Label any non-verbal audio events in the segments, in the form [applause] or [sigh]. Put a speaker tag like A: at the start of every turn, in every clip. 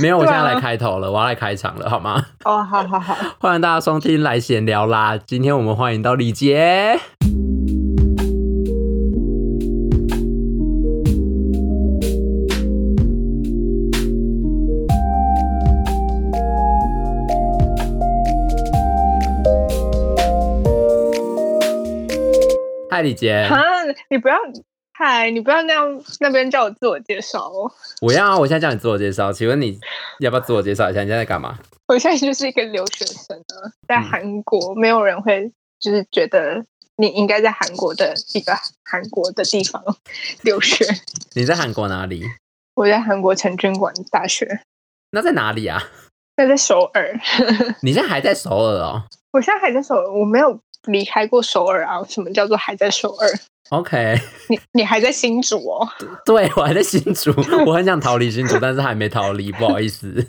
A: 沒有，我現在來開頭了，啊、我要來開場了，好嗎？哦，oh, 好好好， [laughs] 歡迎大家收聽來閒聊啦。今天我們歡迎到李杰。嗨，李 [noise] 杰樂，哈，huh?
B: 你不要。嗨，Hi, 你不要那樣，那邊叫我自我介紹哦？
A: 我要啊，我現在叫你自我介紹，請問你要不要自我介紹一下？你現在在幹嘛？
B: 我現在就是一個留學生啊，在韓國，嗯、沒有人會就是覺得你應該在韓國的一個韓國的地方留學。
A: 你在韓國哪裡？
B: 我在韓國成均館大學。
A: 那在哪裡啊？
B: 那在首爾。 [laughs] 你
A: 現在還在首爾哦？
B: 我現在還在首爾，我沒有。離開過首爾啊？什麼叫做還在首爾？OK，你你還在新竹哦、喔？
A: 對，我還在新竹， [laughs] 我很想逃離新竹，但是還沒逃離， [laughs] 不好意思。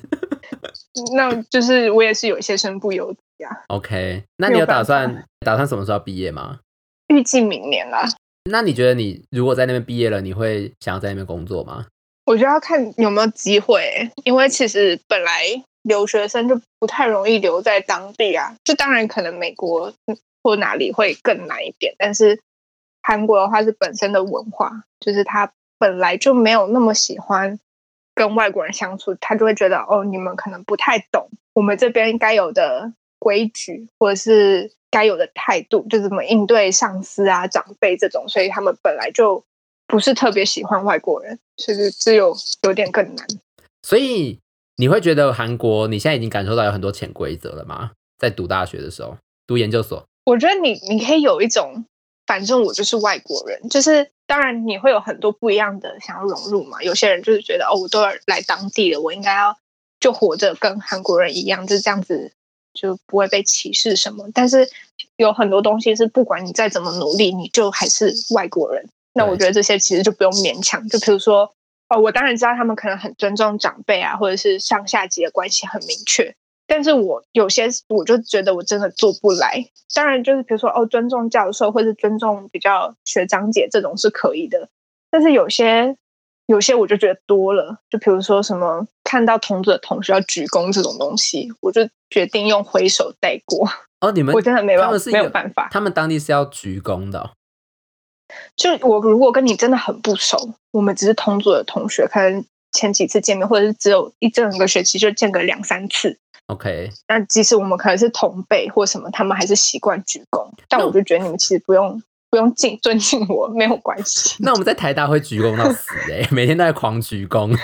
B: 那就是我也是有些身不由己
A: 啊。OK，那你有打算有打算什麼時候畢業嗎？
B: 預計明年啦。
A: 那你覺得你如果在那邊畢業了，你會想要在那邊工作嗎？
B: 我覺得要看有沒有機會，因為其實本來留學生就不太容易留在當地啊。就當然可能美國。或哪裡會更難一點？但是韓國的話是本身的文化，就是他本來就沒有那麼喜歡跟外國人相處，他就會覺得哦，你們可能不太懂我們這邊該有的規矩，或者是該有的態度，就怎麼應對上司啊、長輩這種，所以他們本來就不是特別喜歡外國人，其實只有有點更難。
A: 所以你會覺得韓國你現在已經感受到有很多潛規則了嗎？在讀大學的時候，讀研究所。
B: 我覺得你你可以有一種，反正我就是外國人。就是當然你會有很多不一樣的想要融入嘛。有些人就是覺得哦，我都要來當地了，我應該要就活着跟韓國人一樣，就這樣子就不會被歧視什麼。但是有很多東西是不管你再怎麼努力，你就還是外國人。那我覺得這些其實就不用勉強。就比如說哦，我當然知道他們可能很尊重長輩啊，或者是上下級的關係很明確。但是我有些我就覺得我真的做不來。當然，就是比如說哦，尊重教授或是尊重比較學長姐這種是可以的。但是有些有些我就覺得多了，就比如說什麼看到同組的同學要鞠躬這種東西，我就決定用揮手帶過。哦，你們我真的沒辦法，沒有
A: 辦法。他們當地是要鞠躬的
B: 哦。就我如果跟你真的很不熟，我們只是同組的同學，可能。前幾次見面，或者是只有一整個學期就見個兩三次。OK，那即使我們可能是同輩或什麼，他們還是習慣鞠躬。但我就覺得你們其實不用 [laughs] 不用敬尊敬我，沒有關係。那
A: 我們在台大會鞠躬到死，欸， [laughs] 每天都在狂鞠躬，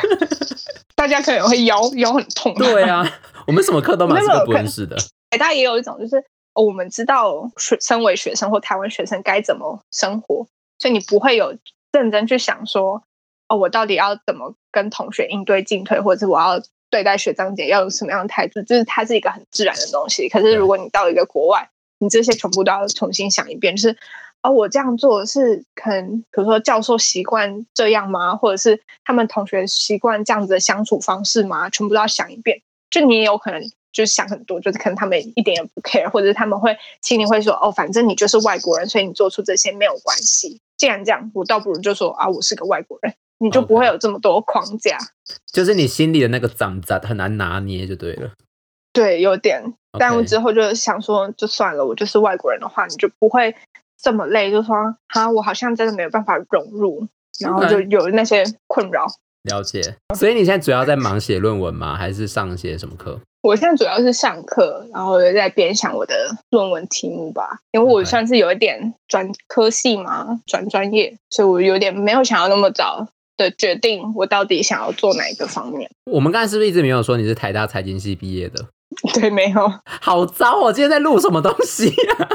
B: [laughs] 大家可能會腰腰很痛。對啊，
A: 我們什麼課都滿課不認識的。
B: 台、欸、大也有一種，就是、哦、我們知道學身為學生或台灣學生該怎麼生活，所以你不會有認真去想說。哦，我到底要怎麼跟同學應對進退，或者是我要對待學長姐要有什麼樣的態度？就是它是一個很自然的東西。可是如果你到了一個國外，你這些全部都要重新想一遍。就是哦，我這樣做是可能，比如說，教授習慣這樣嗎？或者是他們同學習慣這樣子的相處方式嗎？全部都要想一遍。就你也有可能就是想很多，就是可能他們一點也不 care，或者是他們會心裡會說哦，反正你就是外國人，所以你做出這些沒有關係。既然這樣，我倒不如就說啊，我是個外國人。你就不會有這麼多框架，Okay.
A: 就是你心裡的那個長雜很難拿捏，就對了。
B: 對，有點。但我 Okay. 之後就想說，就算了。我就是外國人的話，你就不會這麼累。就說啊，我好像真的沒有辦法融入，然後就有那些困擾。Okay.
A: 了解。所以你現在主要在忙寫論文嗎？還是上一些什麼課？
B: 我現在主要是上課，然後在邊想我的論文題目吧。因為我算是有一點轉科系嘛，轉專 Okay. 業，所以我有點沒有想要那麼早。的決定，我到底想要做哪一個方
A: 面？我們剛才是不是一直沒有說你是台大財金系畢業的？對，沒有，好糟哦！我今天在錄什麼東西呀？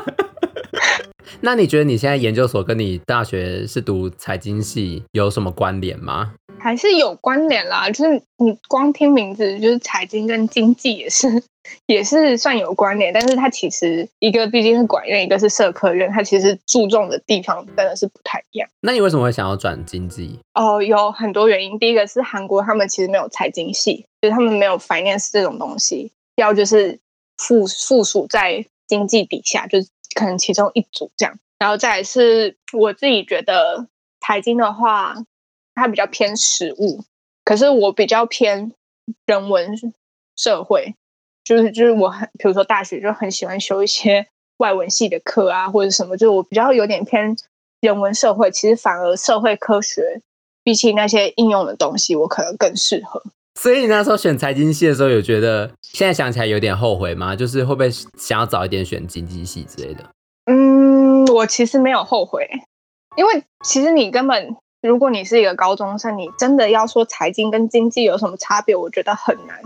A: [laughs] 那你覺得你現在研究所跟你大學是讀財金系有什麼關聯嗎？
B: 還是有關聯啦，就是你光聽名字，就是財經跟經濟也是，也是算有關聯。但是它其實一個畢竟是管院，一個是社科院，它其實注重的地方真的是不太一樣。
A: 那你為什麼會想要轉經濟？
B: 哦，oh, 有很多原因。第一個是韓國他們其實沒有財經系，就是他們沒有 finance 這種東西，要就是附附屬在經濟底下，就是可能其中一組這樣。然後再來是我自己覺得財經的話。它比較偏實務，可是我比較偏人文社會，就是就是我很，比如說大學就很喜歡修一些外文系的課啊，或者什麼，就是我比較有點偏人文社會。其實反而社會科學比起那些應用的東西，我可能更適合。
A: 所以你那時候選財經系的時候，有覺得現在想起來有點後悔嗎？就是會不會想要早一點選經濟系之類的？
B: 嗯，我其實沒有後悔，因為其實你根本。如果你是一個高中生，你真的要說財經跟經濟有什麼差別，我覺得很難。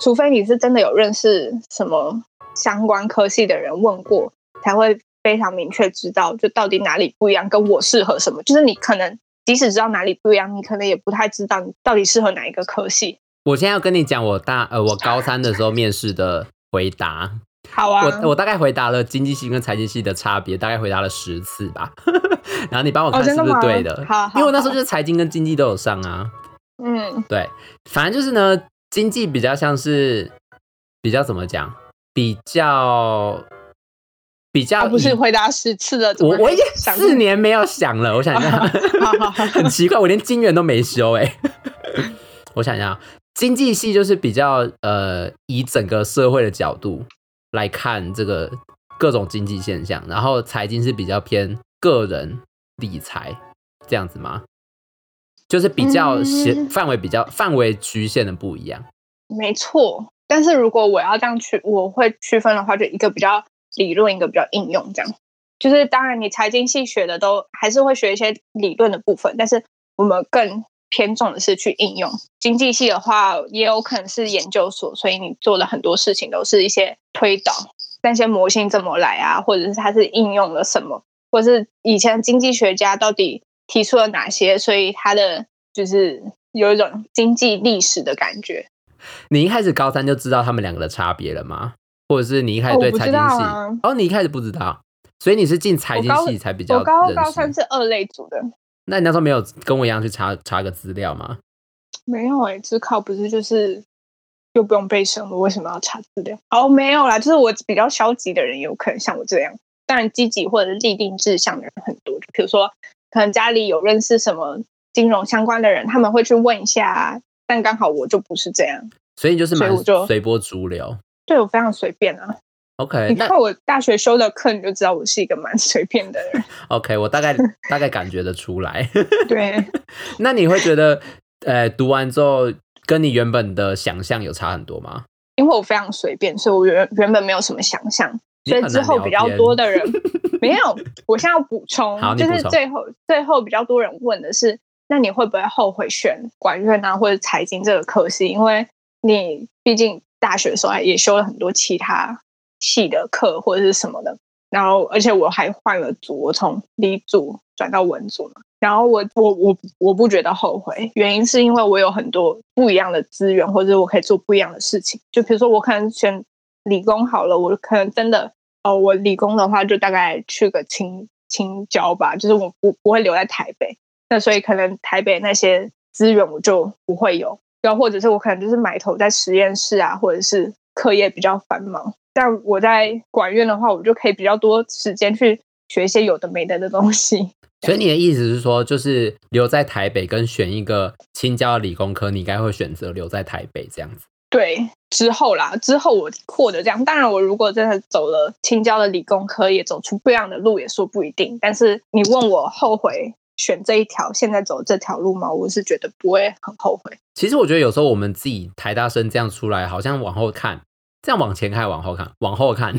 B: 除非你是真的有認識什麼相關科系的人問過，才會非常明確知道就到底哪裡不一樣，跟我適合什麼。就是你可能即使知道哪裡不一樣，你可能也不太知道你到底適合哪一個科系。
A: 我現在要跟你講我大，呃，我高三的時候面試的回答。好啊，我我大概回答了經濟系跟財經系的差別，大概回答了十次吧。 [laughs] 然後你幫我看是不是對的？哦、好，好好好，因為我那時候就是財經跟經濟都有上啊。嗯，對，反正就是呢，經濟比較像是比較怎麼講，比較比較、啊、不是回答十次了。怎麼想，我我已經四年沒有想了，我想一下。 [laughs] [laughs] 很奇怪，我連金元都沒修哎、欸。 [laughs] 我想一下，經濟系就是比較呃，以整個社會的角度，來看這個各種經濟現象，然後財經是比較偏個人理財這樣子嗎？就是比較、嗯、範圍比較範圍局限的不一樣。
B: 沒錯，但是如果我要這樣去，我會區分的話，就一個比較理論，一個比較應用，這樣。就是當然，你財經系學的都還是會學一些理論的部分，但是我們更。偏重的是去應用。經濟系的話，也有可能是研究所，所以你做的很多事情都是一些推導，那些模型怎麼來啊，或者是它是應用了什麼，或者是以前經濟學家到底提出了哪些，所以它的就是有一種經濟歷史的感覺。
A: 你一開始高三就知道他們兩個的差別了嗎？或者是你一開始對財經系不知道啊？哦，你一開始不知道，所以你是進財經系才比較我，我高高三
B: 是二類組的。
A: 那你那時候沒有跟我一樣去查查個資料嗎？
B: 沒有欸，只靠不是就是又不用背書，我為什麼要查資料？哦，沒有啦，就是我比較消極的人，有可能像我這樣。當然，積極或者立定志向的人很多，就比如說，可能家裡有認識什麼金融相關的人，他們會去問一下。但剛好我就不是這樣，
A: 所以就是，所以蠻隨波逐流。
B: 我對我非常隨便啊。OK，那你看我大學修的課，你就知道我是一個蠻隨便的人。
A: OK，我大概 [laughs] 大概感覺得出來。 [laughs]
B: 對，
A: 那你會覺得，呃，讀完之後跟你原本的想象有差很多嗎？
B: 因為我非常隨便，所以我原原本沒有什麼想象。所以之後比較多的人 [laughs] 沒有。我現在要補充，就是最後最後比較多人問的是，那你會不會後悔選管院啊，或者財經這個科系？因為你畢竟大學的時候也修了很多其他。系的課或者是什麼的，然後而且我還換了組，我從理組轉到文組嘛。然後我我我我不覺得後悔，原因是因為我有很多不一樣的資源，或者是我可以做不一樣的事情。就比如說我可能選理工好了，我可能真的哦，我理工的話就大概去個清清交吧，就是我不不會留在台北。那所以可能台北那些資源我就不會有，然後或者是我可能就是埋頭在實驗室啊，或者是。課業比較繁忙，但我在管院的話，我就可以比較多時間去學一些有的沒的的東
A: 西。所以你的意思是說，就是留在台北跟選一個清交的理工科，你應該會選擇留在台北這樣子。
B: 對，之後啦，之後我獲得這樣。當然，我如果真的走了清交的理工科，也走出不一樣的路，也說不一定。但是你問我後悔選這一條，現在走這條路嗎？我是覺得不會很後悔。
A: 其實我覺得有時候我們自己台大生這樣出來，好像往後看。這樣往前看，往後看，往後看，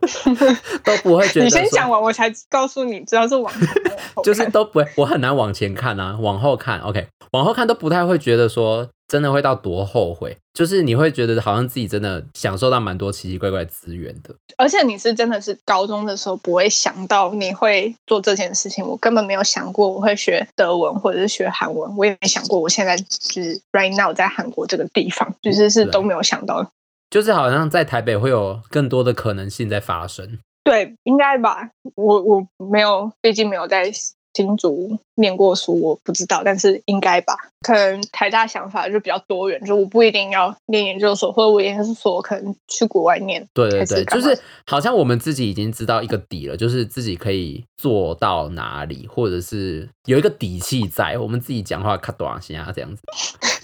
A: [laughs] 都不會覺得 [laughs] 你先講完，
B: 我才告訴你，只要是往前，
A: [laughs] 就是都不會，我很難往前看啊，往後看，OK，往後看都不太會覺得說真的會到多後悔，就是你會覺得好像自己真的享受到蠻多奇奇怪怪資源的，
B: 而且你是真的是高中的時候不會想到你會做這件事情，我根本沒有想過我會學德文或者是學韓文，我也沒想過我現在是 right now 在韓國這個地方，其實是都
A: 沒有想到。就是好像在台北會有更多的可能性在發生，
B: 對，應該吧。我我沒有，畢竟沒有在新竹念過書，我不知道。但是應該吧，可能台大想法就比較多元，就我不一定要念研究所，或者我研究所可能去國外念。對對對，是就是
A: 好像我們自己已經知道一個底了，就是自己可以做到哪裡，或者是有一個底氣在，我們自己講話卡大聲啊這樣子，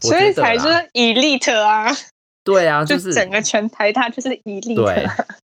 A: 所以才就
B: 是 elite 啊。
A: 對啊，就是就整個
B: 全台它就是一粒。對。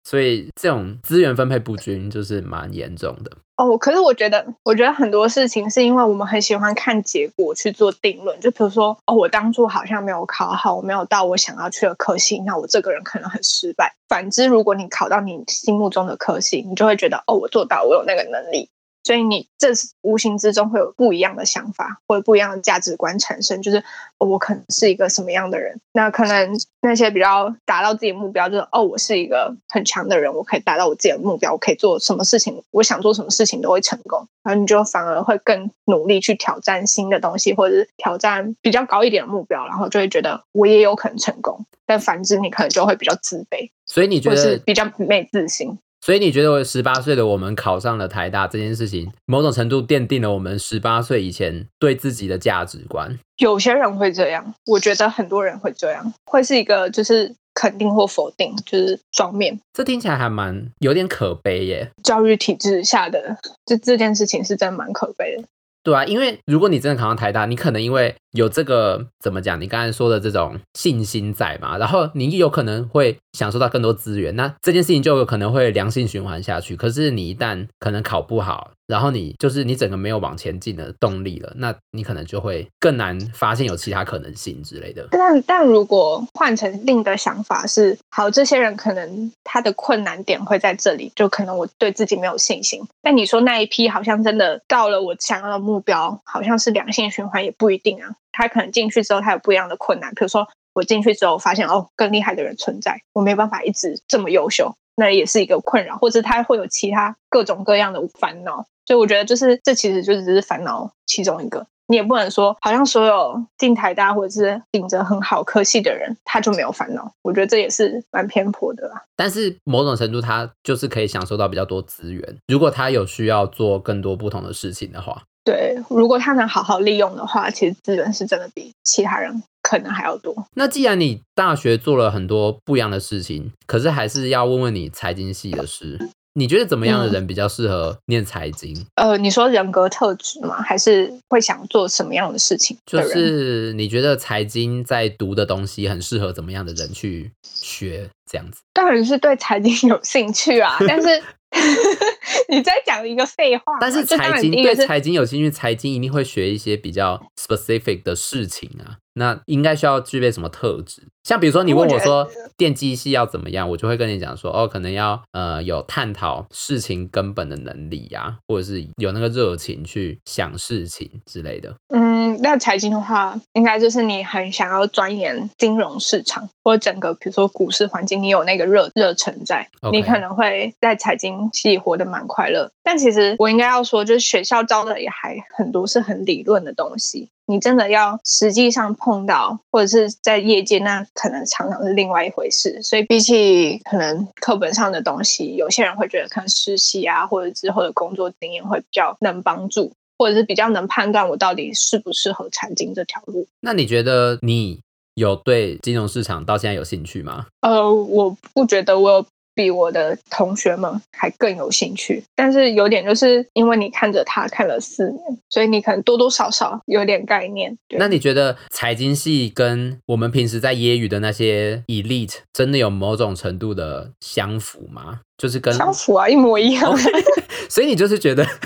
A: 所以這種資源分配不均就是蠻嚴重的。
B: 哦，可是我覺得，我覺得很多事情是因為我們很喜歡看結果去做定論。就比如說，哦，我當初好像沒有考好，我沒有到我想要去的科系，那我這個人可能很失敗。反之，如果你考到你心目中的科系，你就會覺得，哦，我做到，我有那個能力。所以你這無形之中會有不一樣的想法，或者不一樣的價值觀產生。就是，哦，我可能是一個什麼樣的人？那可能那些比較達到自己的目標，就是哦，我是一個很強的人，我可以達到我自己的目標，我可以做什麼事情，我想做什麼事情都會成功。然後你就反而會更努力去挑戰新的東西，或者是挑戰比較高一點的目標，然後就會覺得我也有可能成功。但反之，你可能就會比較自卑，所以你覺得是比較沒自信。
A: 所以你覺得，我十八歲的我們考上了台大這件事情，某種程度奠定了我們十八歲以前對自己的價值觀。
B: 有些人會這樣，我覺得很多人會這樣，會是一個就是肯定或否定，就是雙面。
A: 這聽起來還蠻有點可悲耶。
B: 教育體制下的這這件事情是真的蠻可悲的。
A: 對啊，因為如果你真的考上台大，你可能因為有這個怎麼講？你剛才說的這種信心在嘛，然後你有可能會享受到更多資源，那這件事情就有可能會良性循環下去。可是你一旦可能考不好。然後你就是你整個沒有往前進的動力了，那你可能就會更難發現有其他可能性之類的。
B: 但但如果換成另一個想法是，好，這些人可能他的困難點會在這裡，就可能我對自己沒有信心。但你說那一批好像真的到了我想要的目標，好像是良性循環也不一定啊。他可能進去之後，他有不一樣的困難，比如說我進去之後發現哦，更厲害的人存在，我沒辦法一直這麼優秀，那也是一個困擾，或者他會有其他各種各樣的煩惱。所以我覺得，就是這其實就只是煩惱其中一個。你也不能說，好像所有進台大或者是頂着很好科系的人，他就沒有煩惱。我覺得這也是蠻偏頗的啦。但是
A: 某種程度，他就是可以享受到比較多資源。如果他有需要做更多不同的事情的話，
B: 對，如果他能好好利用的話，其實資源是真的比其他人可能還要多。
A: 那既然你大學做了很多不一樣的事情，可是還是要問問你財經系的事。嗯你覺得怎麼樣的人比較適合念財經？
B: 嗯，呃，你說人格特質嗎？還是會想做什麼樣的事情的？就是
A: 你覺得財經在讀的東西很適合怎麼樣的人去學這樣子？
B: 當然是對財經有興趣啊， [laughs] 但是。 [laughs] 你在講一個廢話。但是財經對財
A: 經有興趣，財經一定會學一些比較 specific 的事情啊。那應該需要具備什麼特質？像比如說你問我說電機系要怎麼樣，我，我就會跟你講說，哦，可能要呃有探討事情根本的能力呀、啊，或者是有那個熱情去想事情之類的。嗯。
B: 那財經的話，應該就是你很想要鑽研金融市場，或者整個比如說股市環境，你有那個熱熱忱在，Okay. 你可能會在財經系活得蠻快樂。但其實我應該要說，就是學校教的也還很多是很理論的東西，你真的要實際上碰到，或者是在業界，那可能常常是另外一回事。所以比起可能課本上的東西，有些人會覺得看實習啊，或者之後的工作經驗會比較能幫助。或者是比較能判斷我到底適不適合財經這條路？
A: 那你覺得你有對金融市場到現在有興趣嗎？
B: 呃，我不覺得我比我的同學們還更有
A: 興趣，
B: 但是有點就是因為你看着他看了四年，所以你可能多多少少有點概念。對。那
A: 你覺得財經系跟我們平時在揶揄的那些 elite 真的有某種程度的相符嗎？就是跟相符啊，一模一樣。Okay. [laughs] 所以你就是覺得。 [laughs]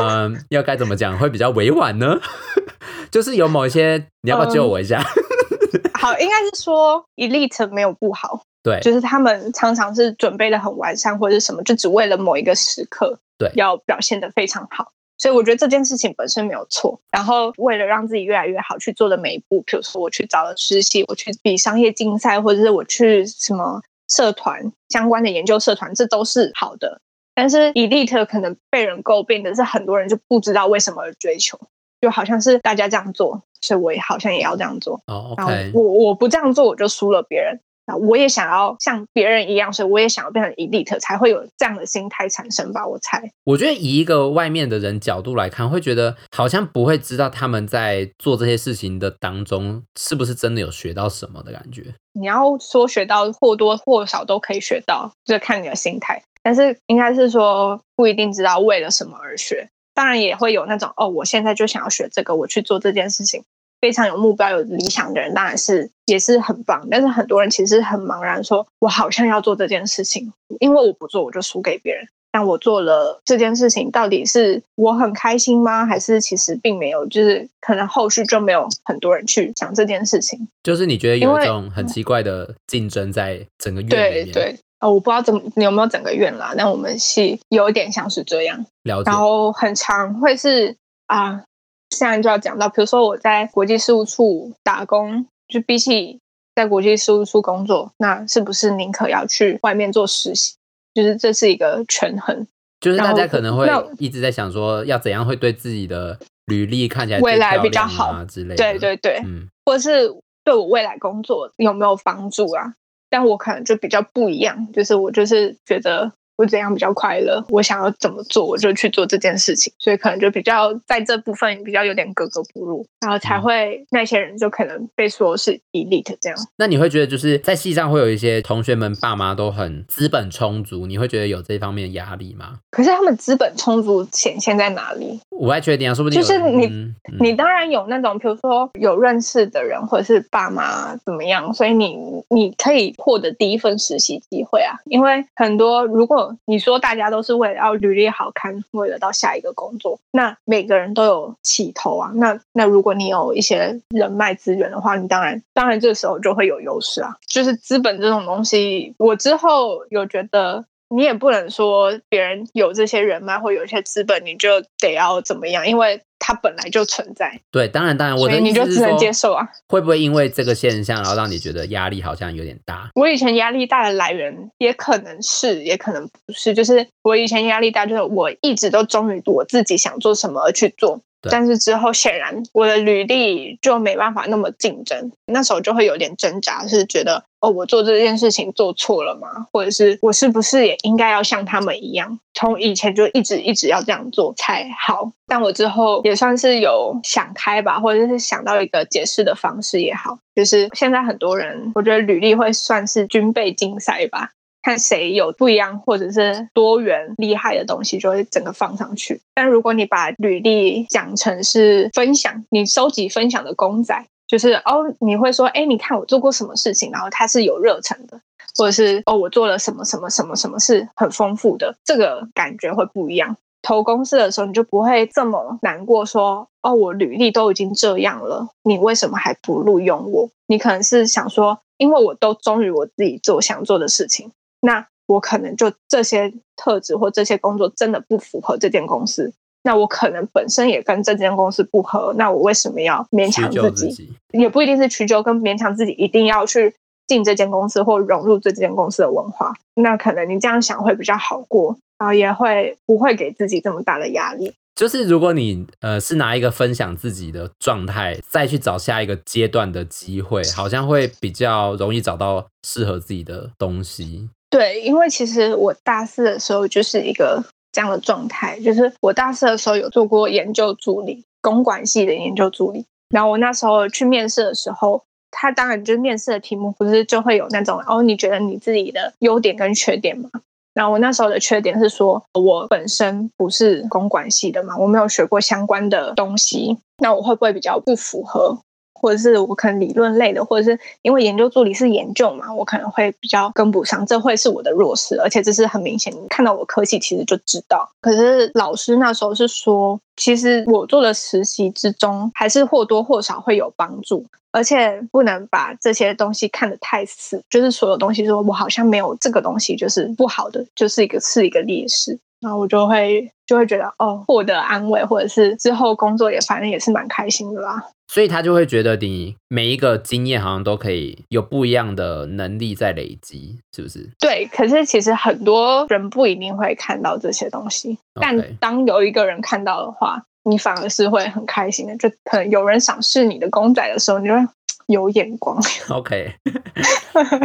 A: 嗯、 [laughs] 呃，要該怎麼講會比較委婉呢？ [laughs] 就是有某一些，你要不要救我一下？嗯、
B: 好，應該是說 elite 沒有不好，對，就是他們常常是準備的很完善，或者是什麼，就只為了某一個時刻，對，要表現的非常好，對所以我覺得這件事情本身沒有錯。然後為了讓自己越來越好，去做的每一步，比如說我去找了實習，我去比商業競賽，或者是我去什麼社團相關的研究社團，這都是好的。但是 elite 可能被人詬病的是，很多人就不知道為什麼而追求，就好像是大家這樣做，所以我也好像也要這樣做。哦，OK，我我不這樣做我就輸了別人，那我也想要像別人一樣，所以我也想要變成 elite 才會有這樣的心態產生吧，我猜。
A: 我覺得以一個外面的人角度來看，會覺得好像不會知道他們在做這些事情的當中是不是真的有學到什麼的感覺。
B: 你要說學到或多或少都可以學到，就是看你的心態。但是應該是說不一定知道為了什麼而學，當然也會有那種哦，我現在就想要學這個，我去做這件事情，非常有目標、有理想的人，當然是也是很棒。但是很多人其實很茫然說，說我好像要做這件事情，因為我不做我就輸給別人，但我做了這件事情，到底是我很開心嗎？還是其實並沒有，就是可能後續就沒有很多人去想這件事情。
A: 就是你覺得有一種很奇怪的競爭在整個院裡面。
B: 哦，我不知道怎麼，你有沒有整個院啦？那我們系有點像是這樣，了解，然後很常會是啊，現在就要講到，比如說我在國際事務處打工，就比起在國際事務處工作，那是不是寧可要去外面做實習？就是這是一個權
A: 衡，就是大家可能會一直在想說，要怎樣會對自己的履歷看起來、啊、未來比較好啊之類的。對對對，
B: 嗯，或者是對我未來工作有沒有幫助啊？但我可能就比較不一樣，就是我就是覺得。我怎樣比較快樂？我想要怎麼做，我就去做這件事情，所以可能就比較在這部分比較有點格格不入，然後才會那些人就可能被說是 elite 這樣、嗯。
A: 那你會覺得就是在系上會有一些同學們爸媽都很資本充足，你會覺得有這方面的壓力嗎？
B: 可是他們資本充足顯現在哪裡？
A: 我還確定啊，說不定就是你，
B: 嗯嗯、你當然有那種，比如說有認識的人，或者是爸媽怎麼樣，所以你你可以獲得第一份實習機會啊，因為很多如果。你說大家都是為了要履歷好看，為了到下一個工作，那每個人都有起頭啊。那那如果你有一些人脈資源的話，你當然當然這時候就會有優勢啊。就是資本這種東西，我之後有覺得。你也不能說別人有這些人脈或有一些資本，你就得要怎麼樣？因為它本來就存在。
A: 對，當然，當然，所以我的你就只能接受啊。會不會因為這個現象，然後讓你覺得壓力好像有點大？ [laughs]
B: 我以前壓力大的來源，也可能是，也可能不是。就是我以前壓力大，就是我一直都忠於我自己想做什麼而去做。對但是之後顯然我的履歷就沒辦法那麼競爭，那時候就會有點掙扎，是覺得哦，我做這件事情做錯了嗎？或者是我是不是也應該要像他們一樣，從以前就一直一直要這樣做才好？但我之後也算是有想開吧，或者是想到一個解釋的方式也好，就是現在很多人，我覺得履歷會算是軍備競賽吧。看誰有不一樣或者是多元厲害的東西，就會整個放上去。但如果你把履歷講成是分享，你收集分享的公仔，就是哦，你會說，哎，你看我做過什麼事情，然後它是有熱忱的，或者是哦，我做了什麼什麼什麼什麼是很豐富的，這個感覺會不一樣。投公司的時候，你就不會這麼難過說，說哦，我履歷都已經這樣了，你為什麼還不錄用我？你可能是想說，因為我都忠於我自己做想做的事情。那我可能就這些特質或這些工作真的不符合這間公司，那我可能本身也跟這間公司不合，那我為什麼要勉強自己？自己也不一定是屈就跟勉強自己一定要去進這間公司或融入這間公司的文化。那可能你這樣想會比較好過，然後也會不會給自己這麼大的壓力。
A: 就是如果你呃是拿一個分享自己的狀態，再去找下一個階段的機會，好像會比較容易找到適合自己的東西。
B: 對，因為其實我大四的時候就是一個這樣的狀態，就是我大四的時候有做過研究助理，公管系的研究助理。然後我那時候去面試的時候，他當然就是面試的題目不是就會有那種哦，你覺得你自己的優點跟缺點嗎？然後我那時候的缺點是說，我本身不是公管系的嘛，我沒有學過相關的東西，那我會不會比較不符合？或者是我可能理論類的，或者是因為研究助理是研究嘛，我可能會比較跟不上，這會是我的弱勢，而且這是很明顯你看到我科系其實就知道。可是老師那時候是說，其實我做的實習之中還是或多或少會有幫助，而且不能把這些東西看得太死，就是所有東西說我好像沒有這個東西就是不好的，就是一個是一個劣勢。那我就會就會覺得哦，獲得安慰，或者是之後工作也反正也是蠻開心的啦。
A: 所以他就會覺得你每一個經驗好像都可以有不一樣的能力在累積，是不是？
B: 對，可是其實很多人不一定會看到這些東西。Okay. 但當有一個人看到的話，你反而是會很開心的。就可能有人賞識你的公仔的時候，你就會。有眼光
A: ，OK，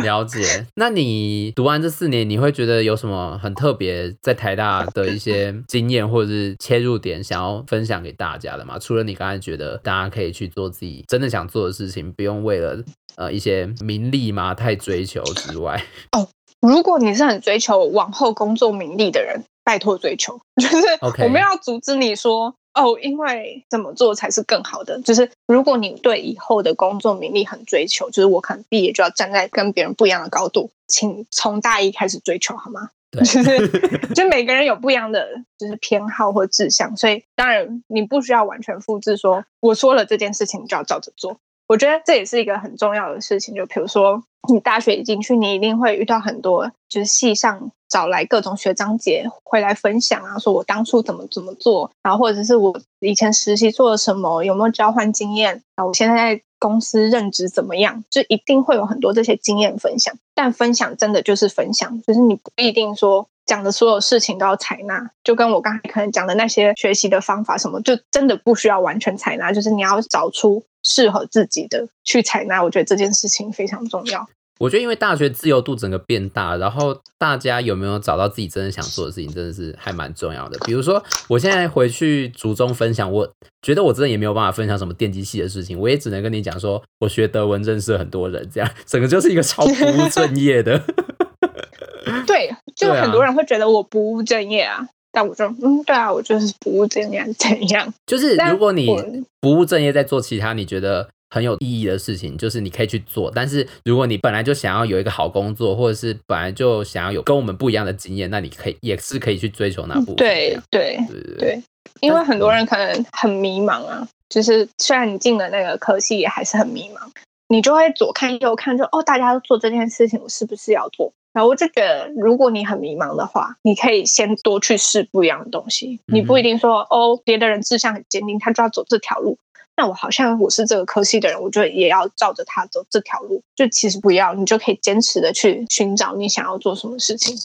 A: 了解。那你讀完這四年，你會覺得有什麼很特別在台大的一些經驗或者是切入點，想要分享給大家的嗎？除了你剛才覺得大家可以去做自己真的想做的事情，不用為了呃一些名利嘛太追求之外，哦，oh,
B: 如果你是很追求往後工作名利的人，拜托追求，就是 OK，我們要阻止你說。Okay. 哦，oh, 因為怎麼做才是更好的？就是如果你對以後的工作名利很追求，就是我可能畢業就要站在跟別人不一樣的高度，請從大一開始追求好嗎？就是對 [laughs] 就每個人有不一樣的就是偏好或志向，所以當然你不需要完全複製說。說我說了這件事情，你就要照着做。我覺得這也是一個很重要的事情。就比如說，你大學一進去，你一定會遇到很多，就是系上找來各種學長姐會來分享啊，說我當初怎麼怎麼做，然後或者是我以前實習做了什麼，有沒有交換經驗，然後我現在在公司任職怎麼樣，就一定會有很多這些經驗分享。但分享真的就是分享，就是你不一定說。講的所有事情都要採納，就跟我剛才可能講的那些學習的方法什麼，就真的不需要完全採納，就是你要找出適合自己的去採納。我覺得這件事情非常重要。
A: 我覺得因為大學自由度整個變大，然後大家有沒有找到自己真的想做的事情，真的是還蠻重要的。比如說，我現在回去逐中分享，我覺得我真的也沒有辦法分享什麼電機系的事情，我也只能跟你講說，我學德文認識很多人，這樣整個就是一個超不務正業的。 [laughs]
B: 對，就很多人會覺得我不務正業啊，啊但我就嗯，對啊，我就是不務正業怎樣？就是如果你
A: 不務正業在做其他你覺得很有意義的事情，就是你可以去做。但是如果你本來就想要有一個好工作，或者是本來就想要有跟我們不一樣的經驗，那你可以也是可以去追求那部分。
B: 對是對對對，因為很多人可能很迷茫啊，就是雖然你進了那個科系，也還是很迷茫，你就會左看右看就，就哦，大家都做這件事情，我是不是要做？然後這個如果你很迷茫的話，你可以先多去試不一樣的東西。你不一定說，嗯、哼哦，別的人志向很堅定，他就要走這條路。那我好像我是這個科系的人，我就也要照着他走這條路。就其實不要，你就可以堅持的去尋找你想要做什麼事情。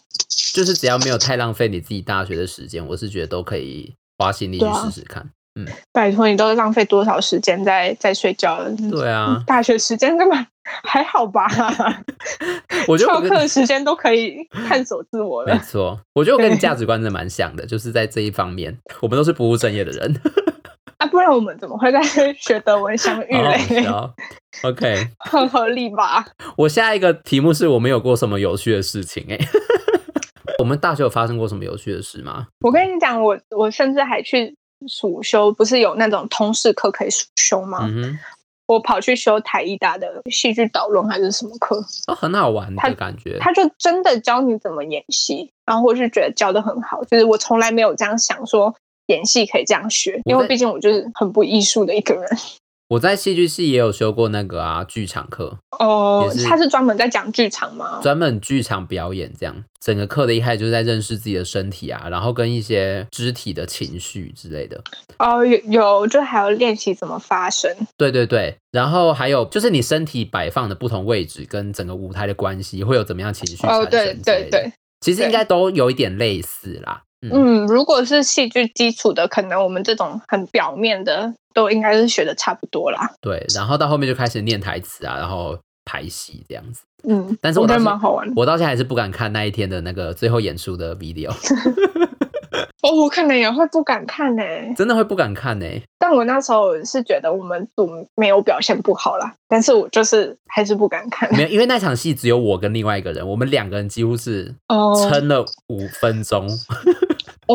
A: 就是只要沒有太浪費你自己大學的時間，我是覺得都可以花心力去試試看。
B: 嗯，拜託你都浪費多少時間在在睡覺了？
A: 對啊，大
B: 學時間根本還好吧，啊？
A: 我覺得上課的
B: 時間都可以探索自我了。沒
A: 錯，我覺得我跟你價值觀真的蠻像的，對就是在這一方面，我們都是不務正業的人。
B: [laughs] 啊，不然我們怎麼會在學德文相遇嘞？OK，很合理吧？
A: 我下一個題目是我們有過什麼有趣的事情，欸？哎， [laughs] 我們大學有發生過什麼有趣的事嗎？
B: 我跟你講，我我甚至還去。暑修不是有那種通識課可以暑修嗎？嗯、哼我跑去修台藝大的戲劇導論還是什麼課，
A: 那很好玩的感覺他。他就
B: 真的教你怎麼演戲，然、啊、後或是覺得教得很好，就是我從來沒有這樣想說演戲可以這樣學，因為畢竟我就是很不藝術的一個
A: 人。嗯 [laughs] 我在戲劇系也有修過那個啊，劇場課
B: 哦，他、oh, 也是專門在講劇場嗎？
A: 專門劇場表演這樣，整個課的一開始就是在認識自己的身體啊，然後跟一些肢體的情緒之類的。哦、oh，有
B: 有，就還有練習怎麼
A: 發聲。對對對，然後還有就是你身體擺放的不同位置跟整個舞台的關係，會有怎麼樣情緒產生、oh, 對？對對對，其實應該都有一點類似啦。
B: 嗯，如果是戲劇基礎的，可能我們這種很表面的，都應該是學的差不多啦。
A: 對，然後到後面就開始念台詞啊，然後排戲這樣子。嗯，
B: 但是我，是我覺得蠻好玩的。
A: 我到現在還是不敢看那一天的那個最後演出的 video。 [laughs]
B: 哦，oh, 我可能也會不敢看呢、欸，
A: 真的會不敢看呢、欸。
B: 但我那時候是覺得我們組沒有表現不好啦，
A: 但是我就是還是不敢看。沒有，因為那場戲只有我跟另外一個人，我們兩個人幾乎是撐了五分鐘。
B: Oh,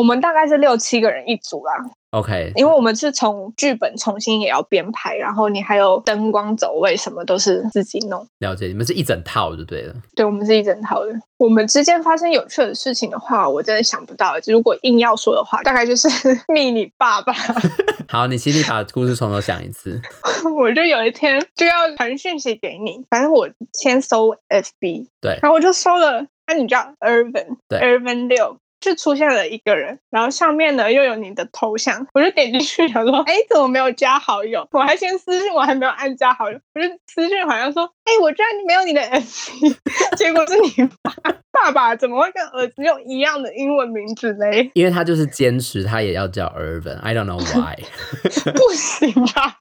B: [laughs] [laughs] 我們大概是六七個人一組啦。OK，因為我們是從劇本重新也要編排，然後你還有燈光走位什麼都是自己弄。
A: 了解，你們是一整套就對了。
B: 對，我們是一整套的。我們之間發生有趣的事情的話，我真的想不到。如果硬要說的話，大概就是迷 [laughs] 你爸爸。
A: [laughs] 好，你請你把故事從頭講一次。
B: [laughs] 我就有一天就要傳訊息給你，反正我先搜 FB，對，然後我就搜了，那、啊、你叫 Irvin，對，Irvin 六。就出現了一個人，然後上面呢又有你的頭像，我就點進去，想說：“哎、欸，怎麼沒有加好友？我還先私信，我還沒有按加好友，我就私信好像說：哎、欸，我居然沒有你的 FB，
A: 結果是你爸， [laughs] 爸爸怎麼會跟兒子用一樣的英文名字嘞？因為他就是堅持，他也要叫 Ervin，I don't know why， [laughs] 不行吧。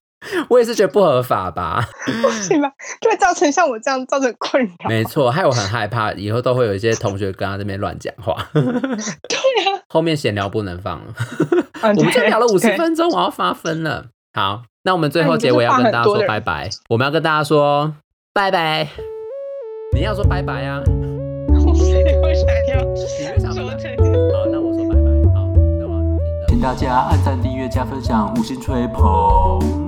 A: 我也是覺得不合法吧，
B: [laughs] 沒 沒 行吧？就會造成像我這樣造成困擾。
A: 沒錯，害我很害怕以後都會有一些同學跟他在那邊亂講話。對啊，後面閒聊不能放了。 [laughs] okay, okay. 我們就聊了五十分鐘，我要發瘋了。好，那我們最後結尾要跟大家說拜拜。啊、我們要跟大家說拜拜。 [laughs] 你要說拜拜啊！我想要說再見。好，那我說拜拜。好，那我打請大家按讚、訂閱、加分享，五星吹捧。